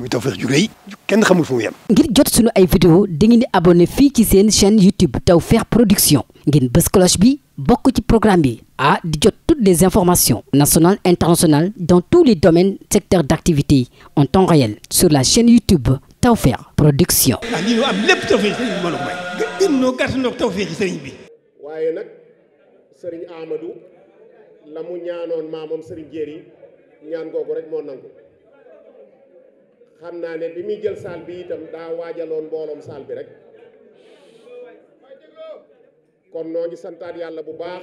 muy Tawfekh ju rëy kenn xamul fu mu yem. ngir jot sunu ay vidéo dangeen di abonné fii ci seen chaîne YouTube Tawfekh Production ngeen bës bi bokk ci programme bi ah di jot toutes les informations nationales internationales dans tous les domaines secteurs d'activité en temps réel sur la chaîne YouTube Tawfekh Production. ah lii ñu am lépp Tawfekh sëriñ bi mën a may. sëriñ bi. waaye nag sëriñ Amadou la mu ñaanoon maamam sëriñ Jéeri ñaan googu rek moo nangu. xam naa ne bi muy jël saal bi itam daa waajaloon mbooloom saal bi rek kon noo ngi santaat yàlla bu baax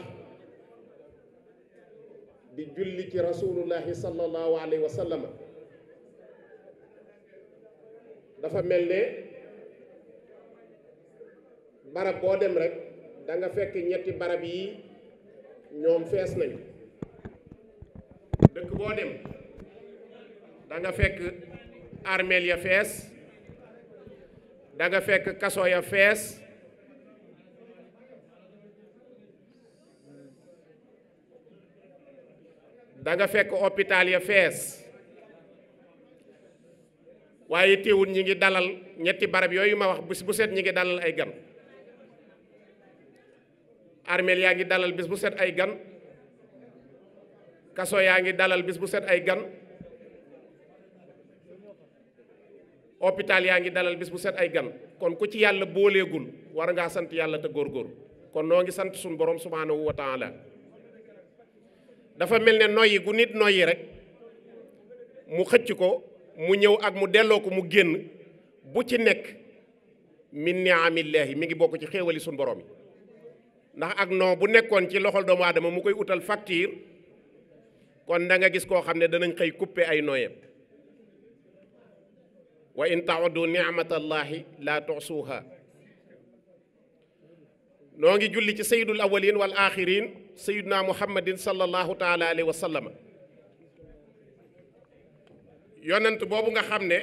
di julli ci rasulullahi sallallahu alayhi wa dafa mel ne barab boo dem rekk danga fekk ñetti barab yi ñoom fees nañu dëkk boo dem da fekk armeel ya fees da fekk kaso ya fees danga fekk hôpital ya fees waaye teewul ñi ngi dalal ñetti barab yooyu ma wax bis bu set ñi ngi dalal ay gan armeel yaa ngi dalal bis bu set ay gan kaso yaa ngi dalal bis bu set ay gan hôpital yaa ngi dalal bis bu set ay gan kon ku ci yàlla booleegul war ngaa sant yàlla te góorgóorlu kon noo ngi sant suñu borom subhaanahu wa taala dafa mel ne noyyi gu nit noyyi rek mu xëcc ko mu ñëw ak mu delloo ko mu génn bu ci nekk min niamillaahi mi ngi bokk ci xéewali suñu borom yi ndax ak non bu nekkoon ci loxol doomu aadama mu koy utal facture kon danga gis koo xam ne danañ xëy kuppe ay noyem wa in tawaddu ni'matallahi laa tuxsuuha noo ngi julli ci sëydu awwalin wal axirin sayyiduna muhammadin sallallahu taala alayhi wa sallama yonent boobu nga xam ne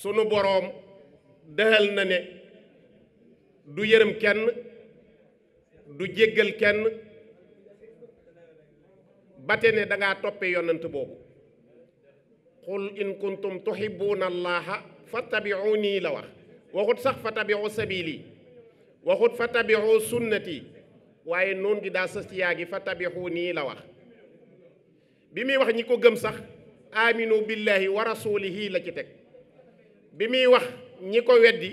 sunu boroom dëxal na ne du yërëm kenn du jéggal kenn bate ne dangaa toppe yonent boobu qul in kuntum tuhibbuuna allaha fattabi'uuni la wax waxut sax fattabi'u sabili waxut fattabi'u sunnati waaye noon gi daa sës yaa gi fattabi'uuni la wax bi muy wax ñi ko gëm sax aminu billahi wa rasulihi la ci teg bi muy wax ñi ko weddi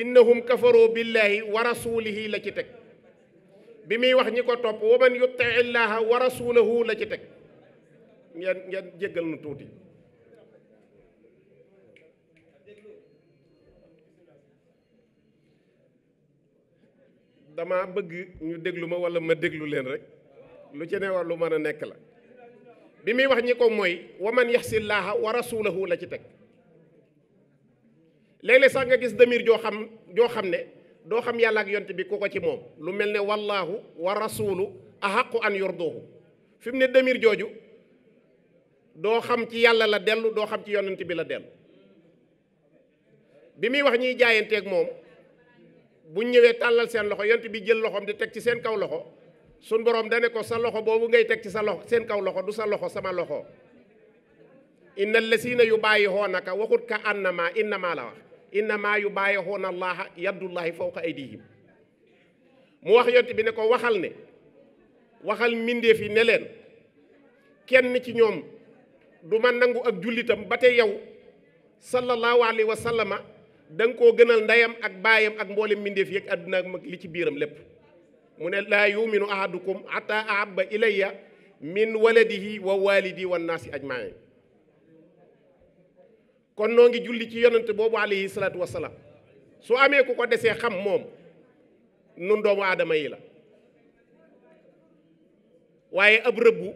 innahum kafaru billahi wa rasulihi la ci teg bi muy wax ñi ko topp wa man yutti wa rasulahu la ci teg ngeen ngeen jéggal nu tuuti dama bëgg ñu déglu ma walla ma déglu leen rek lu ci ne war lu mën a nekk la bi muy wax ñi ko mooy wa man yaxsillaaha wa rasulahu la ci teg léeg sax nga gis demir joo xam joo xam ne doo xam yàlla ak yonte bi ku ko ci moom lu mel ne wallaahu wa rasulu ahaqu an yurduhu fi mu ne demir jooju doo xam ci yàlla la dellu doo xam ci yonent bi la dellu bi muy wax ñiy jaayanteeg moom buñ ñëwee tàllal seen loxo yonent bi jël loxoom di teg ci seen kaw loxo suñ boroom dane ko sa loxo boobu ngay teg ci sa loxo seen kaw loxo du sa loxo sama loxo inna lasina yu bàyyi xoonaka waxut ka annama innama la wax innama yu bàyyi xoona allaaha ay di aydihim mu wax yonent bi ne ko waxal ne waxal mbindeef yi ne leen kenn ci ñoom du man nangu ak jullitam ba te yow sallallahu alayhi wa sallama da koo gënal ndeyam ak baayam ak mboolem mbindeef yeeg àdduna ak mag li ci biiram lépp mu ne laa yuminu ahadukum hatta ahabba ilayya min waladihi wa walidi wa naasi ajmain kon noo ngi julli ci yonante boobu alayhi salaatu wasalaam su amee ku ko desee xam moom nun doomu aadama yi la waaye ab rëbbu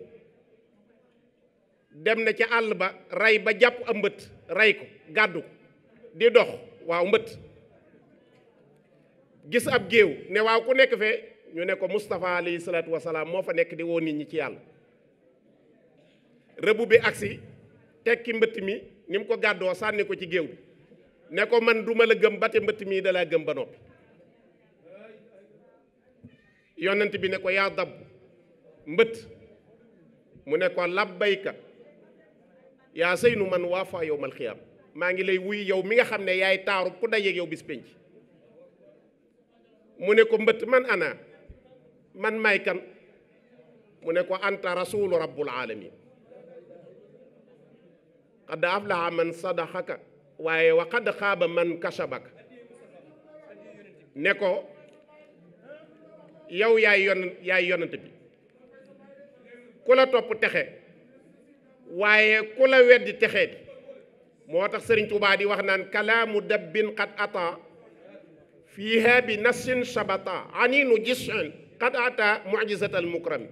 dem na ca àll ba rey ba jàpp am mbët rey ko gàddu ko di dox waaw mbëtt gis ab géew ne waaw ku nekk fee ñu ne ko Moustapha alayhi salaatu wasalaam moo fa nekk di woo nit ñi ci yàlla rëbu bi agsi tekki mbëtt mi ni mu ko gàddoo sànni ko ci géew bi ne ko man duma la gëm ba te mbëtt mii dalaa gëm ba noppi yonent bi ne ko yaa dab mbëtt mu ne ko labbayka yaa sëynu man waa faa yow mal xiyaam maa ngi lay wuy yow mi nga xam ne yaay taaru ku dajeeg yow bis penc mu ne ko mbët man ana man may kan mu ne ko anta rasulu rabbul alamin qad aflaha man sadaxaka waaye wa qad xaaba man kasabaka ne ko yow yaay yon yaay yonent bi ku la topp texe waaye ku la texe texee moo tax sëriñ Tuubaa di wax naan kalaamu dabbin qad ata fiiha bi nassin sabata aninu jisin qad ata mujizatal mukrami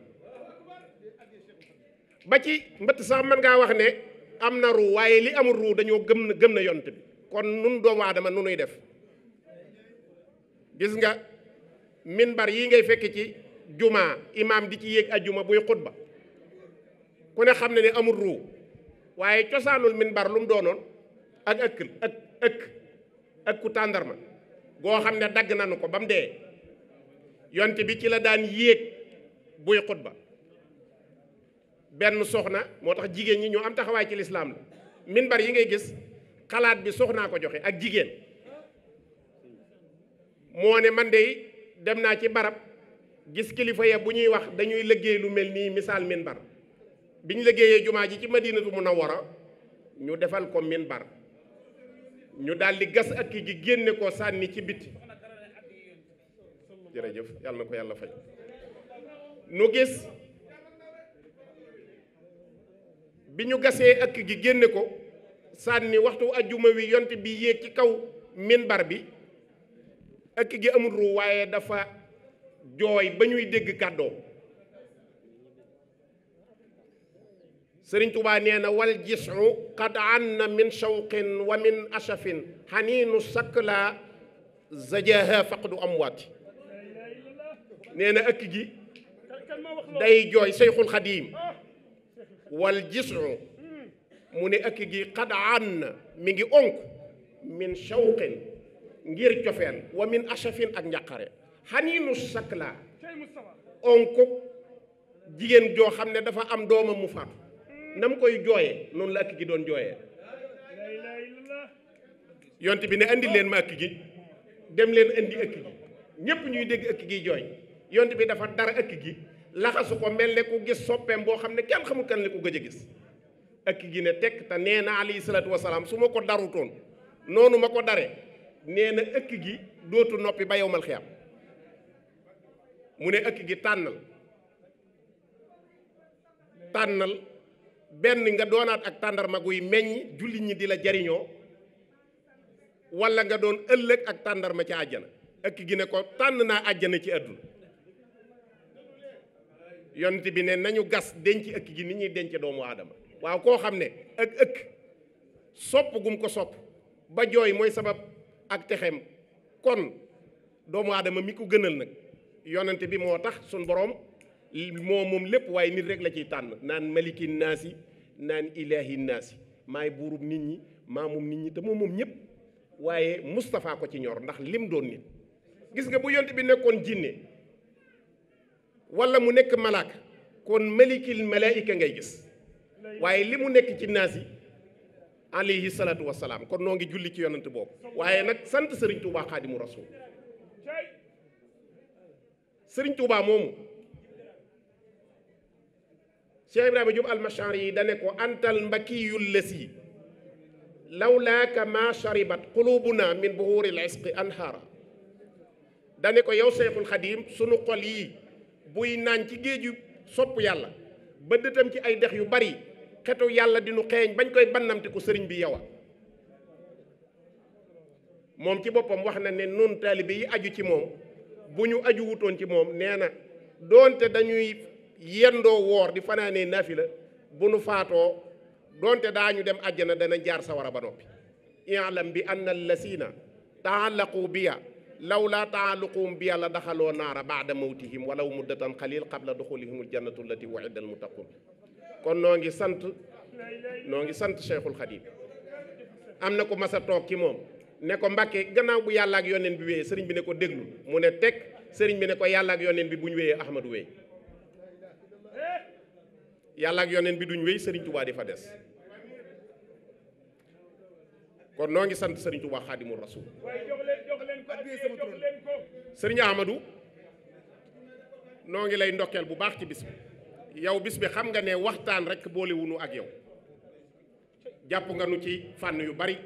ba ci mbëtt sax mën ngaa wax ne am na ruu waaye li amul ruu dañoo gëm gëm na yont bi kon nun doomu aadama nu nuy def gis nga minbar yi ngay fekk ci jumaa imaam di ci yéeg ajjuma buy xutba ku ne xam ne ni amul ruu waaye cosaanul minbar lu mu doonoon ak ëkk ëkk ak ku tàndarma goo xam ne dagg nañu ko ba mu dee yonte bi ci la daan yéeg buy xutba benn soxna moo tax jigéen ñi ñoo am taxawaay ci lislaam la minbar yi ngay gis xalaat bi naa ko joxe ak jigéen moo ne man de dem naa ci barab gis kilifa ya bu ñuy wax dañuy liggéey lu mel nii misaal minbar bi ñu liggéeyee jumaa ji ci madinatu a ñu defal ko minbar ñu daldi gas ak gi génne ko sànni ci biti jërëjëf yàlla ko yàlla fay nu gis bi ñu gasee ak gi génne ko sànni waxtu ak juma wi yont bi yéeg ci kaw minbar bi ak gi amul ru waaye dafa jooy ba ñuy dégg kàddoom sëriñ tubaa nee na wal jisu qad min shawqin wa min ashafin xaniinu sakla zajaha faqdu amwaati nee na ëkk gi day jooy seyxul xadiim wal mu ne ëkk gi qad anna mi ngi onk min shawqin ngir cofeel wa min ashafin ak njàqare xaniinu sakla onk jigéen joo xam ne dafa am doomam mu faatu na mu koy jooyee noonu la akk gi doon jooyee yont bi ne andi leen ma akk gi dem leen andi gi ñépp ñuy dégg akk gi jooy yont bi dafa dara akk gi laxasu ko mel ne ku gis soppeem boo xam ne kenn xamul kan la ko gëj a gis akk gi ne tekk te nee na alayhi salaatu wasalaam su ma ko darutoon noonu ma ko dare nee na ëkk gi dootu noppi ba yow mal xiyam mu ne ëkk gi tànnal tànnal benn nga doonaat ak tàndarma guy meññ jullit ñi di la jariñoo wala nga doon ëllëg ak tàndarma ci àjjana ëkk gi ne ko tànn naa àjjana ci àdduna yonent bi ne nañu gas denc ëkk gi ni ñuy denc doomu aadama waaw koo xam ne ak ëkk sopp gum ko sopp ba jooy mooy sabab ak texem kon doomu aadama mi ko gënal nag yonent bi moo tax suñ boroom moo moom lépp waaye nit rek la ciy tànn naan maliki naasi naan ilaahi naasi maay buurub nit ñi maa nit ñi te moom moom ñëpp waaye Moustapha ko ci ñor ndax lim doon nit gis nga bu yont bi nekkoon jinne wala mu nekk malaaka kon malikil malaayika ngay gis waaye li mu nekk ci naasi alayhi salaatu wasalaam kon noo ngi julli ci yonent boobu waaye nag sant Serigne Touba Xaadimu Rasuul Serigne Touba moomu. Cheikh Ibrahima Diop yi dane ko antal mbakiyul lasi lawlaaka ma sharibat qulubuna min buhuri l isqi anhaara dane ko yow Cheikhul Xadim sunu xol yi buy naañ ci géeju sopp yàlla bëddatam ci ay dex yu bari xetu yàlla dinu xeeñ bañ koy bannamte ko sëriñ bi yow moom ci boppam wax na ne nun taalibe yi aju ci moom bu ñu aju wutoon ci moom nee na doonte dañuy yendoo woor di fanaanee nafila bu nu faatoo donte daañu dem àjjana danañ jaar sawara ba noppi i'lam bi anna allasina taallaqu biya law laa taalluquhum biya la daxaloo naara baada mawtihim walaw muddatan xalil qabla duxulihim aljannatu allati mu almuttaqun kon noo ngi sant noo ngi sant cheikhul xadim am na ko masa toog ci moom ne ko mbàkke gannaaw bu yàlla ak yoneen bi wéyee sëriñ bi ne ko déglu mu ne teg sëriñ bi ne ko yàlla ak yoneen bi bu ñu wéyee ahmadu wéy yàlla ak yoneen bi duñ wéy sëriñ tubaa di fa des kon noo ngi sant sëriñ tubaa xaadimul rasul sëriñ ahmadou noo ngi lay ndokkeel bu baax ci bis bi yow bis bi xam nga ne waxtaan rek boolewunu ak yow jàpp nga nu ci fànn yu bari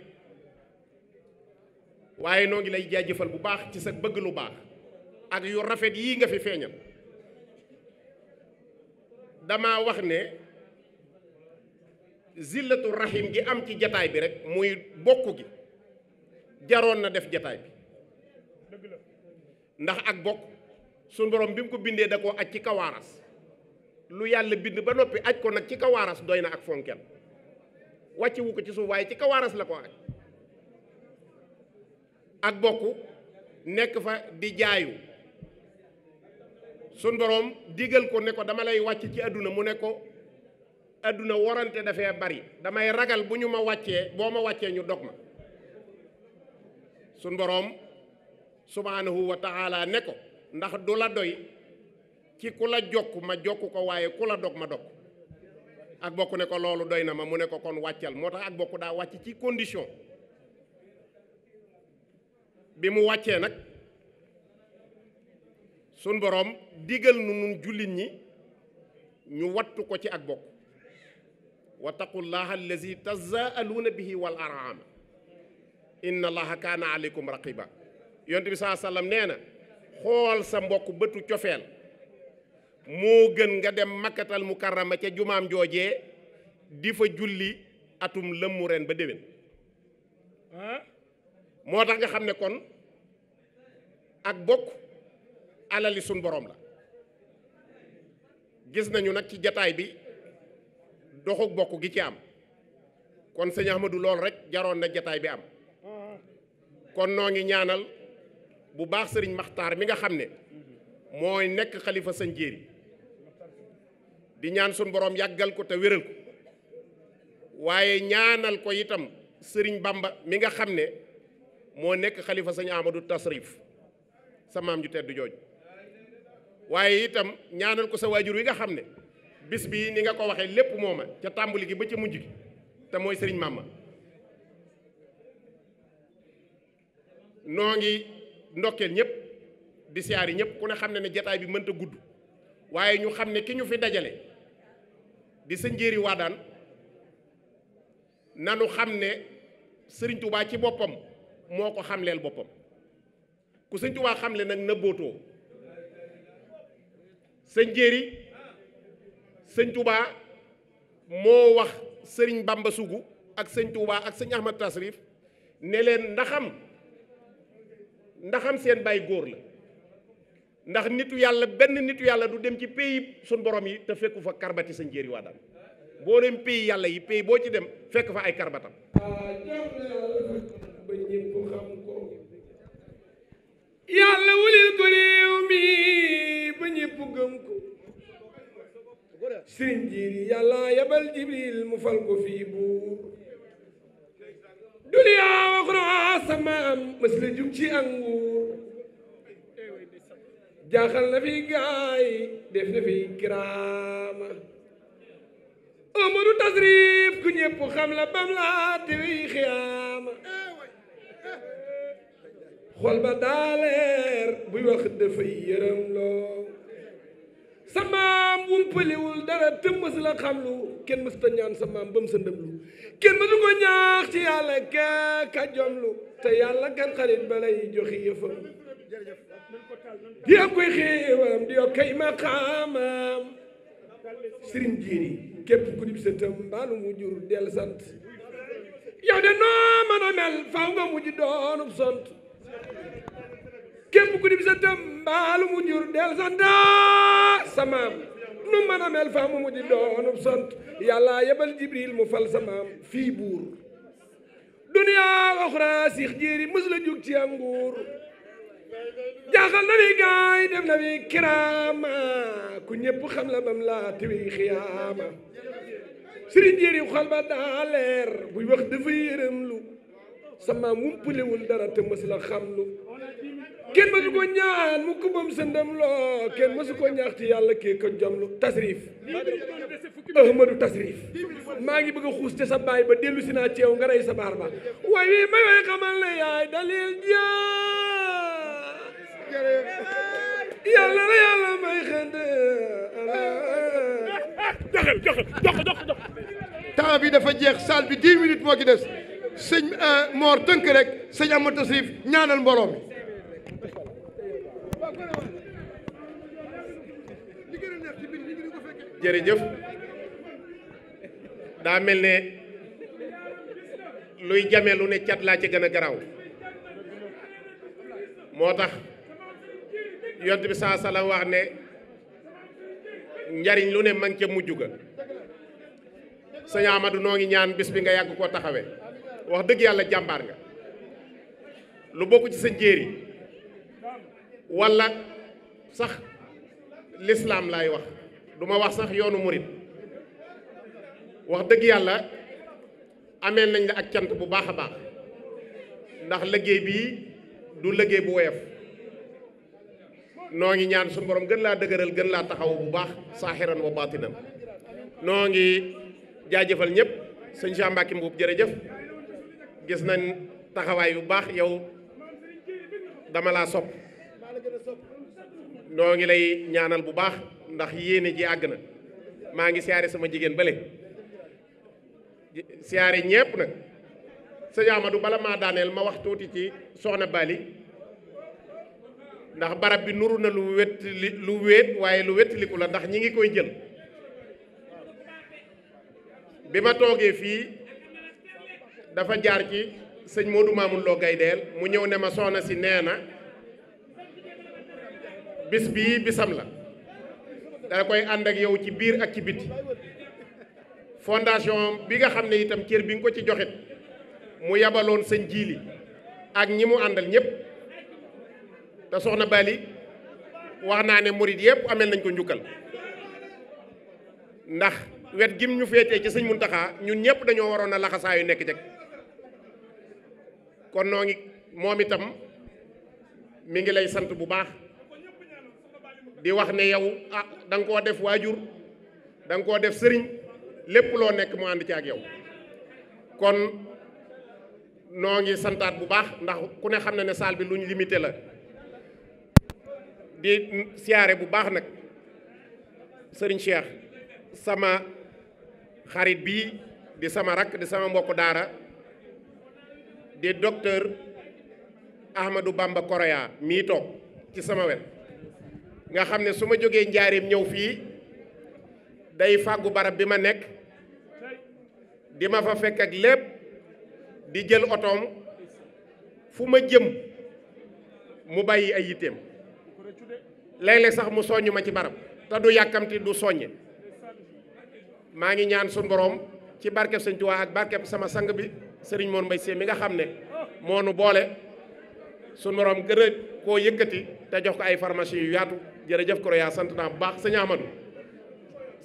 waaye noo ngi lay jaajëfal bu baax ci sa bëgg lu baax ak yu rafet yii nga fi feeñal dama wax ne zillatu rahim gi am ci jataay bi rek muy bokk gi jaroon na def jataay bi ndax ak bokk suñ borom bi mu ko bindee da koo aj ci kawaaras lu yàlla bind ba noppi aj ko nag ci kawaaras doy na ak fonkel wàccewu ko ci suuf waaye ci kawaaras la ko aj ak bokk nekk fa di jaayu sun boroom digal ko ne ko dama lay wàcc ci àdduna mu ne ko àdduna warante dafee bari damay ragal bu ñu ma wàccee boo ma wàccee ñu dog ma sun boroom subhaanahu wa taala ne ko ndax du la doy ci ku la jokk ma jokk ko waaye ku la dog ma dog ak bokk ne ko loolu doy na ma mu ne ko kon wàccal moo tax ak bokk daa wàcc ci condition bi mu wàccee nag sun boroom digal nu nun jullit ñi ñu wattu ko ci ak bokk wa taqullaha allazi tazaaluuna bihi wal arham inna allaha kaana aleykum raqiba yonent bi sa sallam nee na xool sa mbokk bëtu cofeel moo gën nga dem makkatal mukarrama ca jumaam joojee di fa julli atum lëmmu ren ba déwén moo tax nga xam ne kon ak bokk alali suñ boroom la gis nañu nag ci jataay bi doxu bokk gi ci am kon sëñ Ahmadou lool rek jaroon na jataay bi am kon noo ngi ñaanal bu baax sëriñ Maxtaar mi nga xam ne mooy nekk xalifa sëñ Jéeri di ñaan suñ borom yàggal ko te wéral waaye ñaanal ko sëriñ Bamba mi nga xam ne moo nekk xalifa sëñ Ahmadou Tasrif sa maam ju tedd jooju waaye itam ñaanal ko sa waajur wi nga xam ne bis bii ni nga ko waxee lépp mooma ca tàmbali gi ba ca mujj gi te mooy sëriñ Màmma noo ngi ndokkeel ñëpp di yi ñëpp ku ne xam ne ne jataay bi mënta gudd waaye ñu xam ne ki ñu fi dajale di sa njéeri waadaan nanu xam ne sëriñ Tuubaa ci boppam moo ko xamleel boppam ku sëriñ Tuubaa xamle nag nëbbootoo sëñ Jéeri sëñ Touba moo wax sëriñ Bamba Sougou ak sëñ Touba ak sëñ Ahmad Tasrif ne leen ndaxam ndaxam seen bàyyi góor la ndax nitu yàlla benn nitu yàlla du dem ci pays suñ borom yi te fekku fa karbati sëñ Jéeri waa daal boo dem pays yàlla yi pays boo ci dem fekk fa ay karbatam gëm ko sëriñ jiiri yàlla mu fal ko fii buur duniya wax naa sama am mës la ci anguur jaaxal na fi gaay def na fi kiraama amadu tasrif ku ñëpp xam la bam la tewi xiyaama xol ba daaleer buy wax dafay yërëm loo sa maam wumpaliwul dara te mës la xam lu kenn mës ñaan sa maam ba mu sa lu kenn mësu ko ñaax ci yàlla ka ka jom te yàlla kan xarit ba joxe yëfam di ak koy xéewalam di ak jiiri képp ku dib sa tëm mbaalu jur del sant de noo mën a mel faw nga mujj doonub sant képp ku dib sa tëm mbaalu jur del sant samaam nu mën a mel faa mu mujj doonub sant yàlla yebal jibril mu fal samaam fii buur duniyaa waxraa siix jéeri mës la jug ci anguur jaaxal na fi gaay def na fi kiraama ku ñépp xam la bam laa tewi xiyaama sëriñ jéeri xol ba daa buy wax dafa yërëm lu samaam wumpulewul dara te xam lu kenn mësu ko ñaan mu kumbam sëndam loo kenn mësu ko ñaxti yàlla kii ko jomlu tasrif ahmadu tasrif maa ngi bëgg xuus te sa baay ba dellu si naa ceew nga rey sa baar ba waaye may way xamal ne yaay dalil jaa yàlla la yàlla may xënd joxel joxel joxel joxel temps dafa jeex salle bi dix minutes moo ci des sëñ euh, Mor tënk rek sëñ Amadou Tasrif ñaanal mbooloo mi jërëjëf daa mel ne luy jame lu ne cat laa ci gën a garaaw moo tax yont bi saa sala wax ne njariñ lu ne man ca mujj ga sëñ Amadou noo ngi ñaan bis bi nga yàgg koo taxawe wax dëgg yàlla jàmbaar nga lu bokk ci sa njéeri walla sax lislaam laay wax duma wax sax yoonu murit wax dëgg yàlla ameel nañ la ak cant bu baax a baax ndax liggéey bii du liggéey bu woyof noo ngi ñaan su borom gën laa dëgëral gën laa taxaw bu baax saaxiran wa baatinan noo ngi jaajëfal ñëpp sëñ Cheikh Mbacke Mbuub jërëjëf gis nañ taxawaay bu baax yow dama laa sopp noo ngi lay ñaanal bu baax ndax yéene ji àgg na maa ngi siyaare sama jigéen bële siyaare ñépp nag sëñ Amadou bala maa daaneel ma wax tuuti ci soxna Bali ndax barab bi nuru na lu wet lu wéet waaye lu wettiliku la ndax ñi ngi koy jël bi ma toogee fii dafa jaar ci sëñ Modou Mamoun Lo Gaydeel mu ñëw ne ma soxna si nee na bis bii bisam la dana koy ànd ak yow ci biir ak ci biti fondation bi nga xam ne itam cër bi nga ko ci joxit mu yabaloon sëñ jiili ak ñi mu àndal ñëpp te soxna Bali wax naa ne morit yëpp amel nañ ko njukkal ndax wet gim ñu féetee ci sëñ Muntaxa ñun ñëpp dañoo waroon a laxasaa yu nekk jeg kon noo ngi moom itam mi ngi lay sant bu baax di wax ne yow a ah, da nga koo def waajur da nga koo def sëriñ lépp loo nekk mu ànd ci ak yow kon noo ngi santaat bu baax ndax ku ne xam na ne salle bi luñ limité la di siyaare bu baax nag sëriñ Cheikh sama xarit bii di sama rakk di sama mbokku daara di docteur Ahmadou Bamba Koroya mii toog ci sama wet nga xam ne su ma jógee njaareem ñëw fii day fàggu barab bi ma nekk di ma fa fekk ak lépp di jël otoom fu ma jëm mu bàyyi ay yitteem léeg-léeg sax mu soññ ma ci barab te du yàkkamti du soññe maa ngi ñaan sun boroom ci barkeb Sëñ Tuubaa ak barkeb sama sang bi Sëriñ Mor Mbay Sy mi nga xam ne moo nu boole sun boroom gën a koo yëkkati te jox ko ay pharmacie yu yaatu jërëjëf Koroya sant naa bu baax sëñ Amadou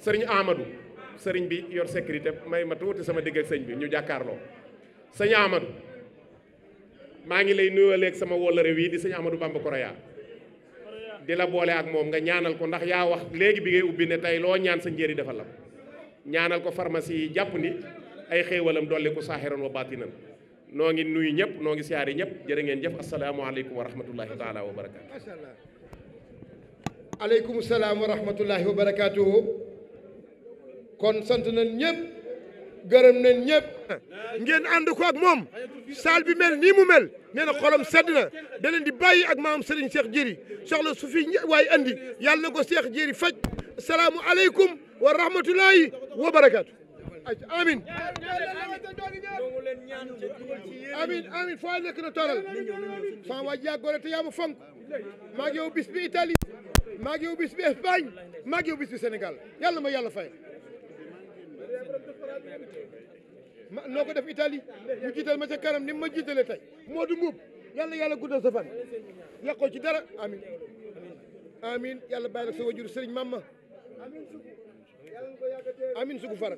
sëriñ Amadou sëriñ bi yor sécurité may ma tuuti sama digg ak sëñ bi ñu jàkkaarloo sëñ Amadou maa ngi lay nuyuwaleeg sama wolore wii di sëñ Amadou Bamba Koroya di la boole ak moom nga ñaanal ko ndax yaa wax léegi bi ngay ubbi ne tey loo ñaan sa njëriñ defal la ñaanal ko pharmacie yi jàpp ni ay xéewalam dolli ko saaxiran wa baatinan noo ngi nuyu ñëpp noo ngi siyaari ñëpp jërë ngeen jëf asalaamaaleykum wa rahmatullahi taala wa barakaatu aleykum salaam wa rahmatullahi wa barakaatuhu kon sant nañ ñëpp gërëm nañ ñëpp ngeen ànd ko ak moom saal bi mel nii mu mel nee na xolam sedd na da leen di bàyyi ak maam Serigne Cheikh Diéry soxla su fi waaye andi yàlla na ko Cheikh Diéry faj salaamu aleykum wa rahmatullahi wa barakaatu amin amin amin foo nekk na toral sama waa jàggoore te yaa ma fonk maa ngi yow bis bi Italie maa ngi bi Espagne maa ngi yow bis bi Sénégal yàlla ma yàlla fay noo ko def Italie mu jiital ma ca kanam ni ma jiitale tey moo du mbuub yàlla yàlla guddal sa fan yàqoo ci dara amin amin yàlla bàyyi nag sa wajur sëriñ mamma amin sugu fara